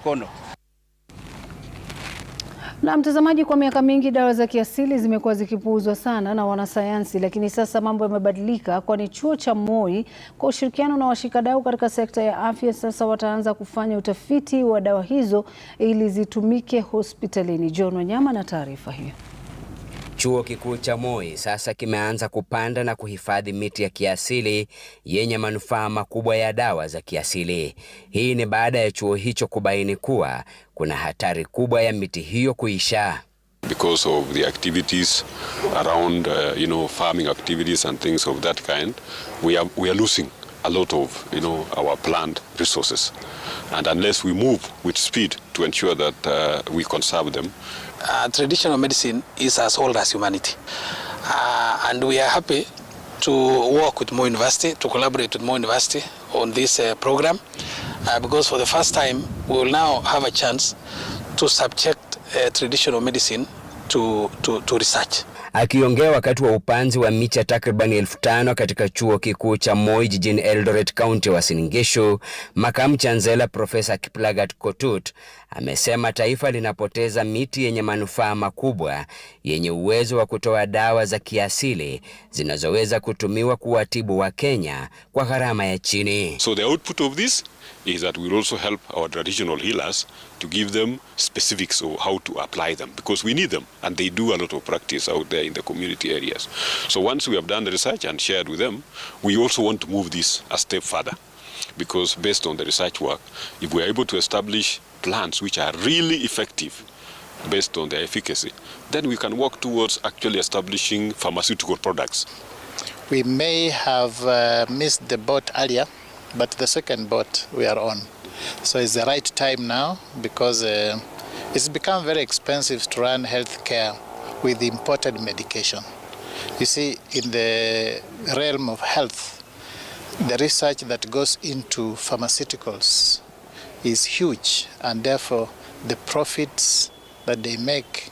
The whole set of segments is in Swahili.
mkono. Na mtazamaji, kwa miaka mingi dawa za kiasili zimekuwa zikipuuzwa sana na wanasayansi, lakini sasa mambo yamebadilika, kwani chuo cha Moi kwa ushirikiano na washikadau katika sekta ya afya sasa wataanza kufanya utafiti wa dawa hizo ili zitumike hospitalini. John Wanyama na taarifa hiyo. Chuo Kikuu cha Moi sasa kimeanza kupanda na kuhifadhi miti ya kiasili yenye manufaa makubwa ya dawa za kiasili. Hii ni baada ya chuo hicho kubaini kuwa kuna hatari kubwa ya miti hiyo kuisha. Because of the activities around, uh, you know, farming activities and things of that kind, we are, we are losing a lot of you know, our planned resources. And unless we move with speed to ensure that uh, we conserve them. Uh, traditional medicine is as old as humanity. Uh, and we are happy to work with more University, to collaborate with more University on this uh, program, uh, because for the first time we will now have a chance to subject uh, traditional medicine to, to, to research. Akiongea wakati wa upanzi wa miche takribani elfu tano katika chuo kikuu cha Moi jijini Eldoret, kaunti wa Siningishu, makamu chanzela Profesa Kiplagat Kotut amesema taifa linapoteza miti yenye manufaa makubwa yenye uwezo wa kutoa dawa za kiasili zinazoweza kutumiwa kuwatibu wa kenya kwa gharama ya chini. So the output of this is that we'll also help our traditional healers to give them specifics of how to apply them because we need them and they do a lot of practice out there in the community areas. So once we have done the research and shared with them, we also want to move this a step further because based on the research work, if we are able to establish plans which are really effective based on their efficacy, then we can work towards actually establishing pharmaceutical products. We may have uh, missed the boat earlier but the second boat we are on. So it's the right time now because uh, it's become very expensive to run healthcare with imported medication. You see, in the realm of health, the research that goes into pharmaceuticals is huge, and therefore the profits that they make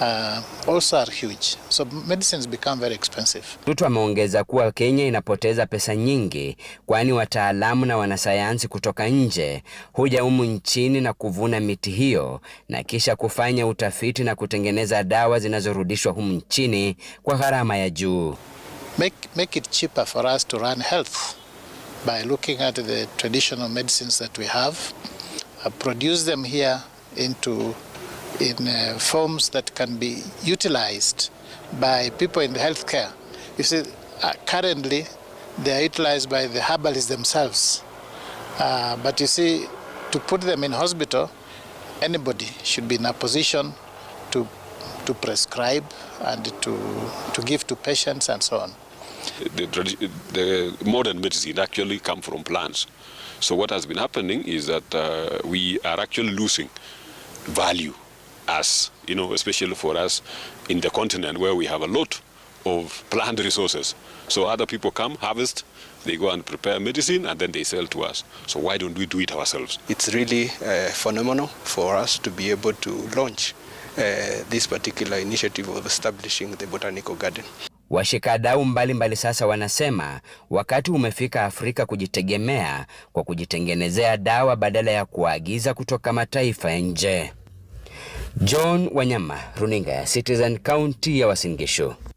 Uh, also are huge. So medicines become very expensive. Tutu ameongeza kuwa Kenya inapoteza pesa nyingi kwani wataalamu na wanasayansi kutoka nje huja humu nchini na kuvuna miti hiyo na kisha kufanya utafiti na kutengeneza dawa zinazorudishwa humu nchini kwa gharama ya juu. Make, make it cheaper for us to run health by looking at the traditional medicines that we have, uh, produce them here into in uh, forms that can be utilized by people in the healthcare. You see, uh, currently they are utilized by the herbalists themselves. Uh, but you see, to put them in hospital, anybody should be in a position to, to prescribe and to, to give to patients and so on. The, the modern medicine actually come from plants. So what has been happening is that uh, we are actually losing value us, you know, especially for us in the continent where we have a lot of plant resources. So other people come, harvest, they go and prepare medicine and then they sell to us. So why don't we do it ourselves? It's really uh, phenomenal for us to be able to launch uh, this particular initiative of establishing the botanical garden. Washikadau mbalimbali sasa wanasema wakati umefika Afrika kujitegemea kwa kujitengenezea dawa badala ya kuagiza kutoka mataifa nje. John Wanyama, runinga ya Citizen, kaunti ya Wasingishu.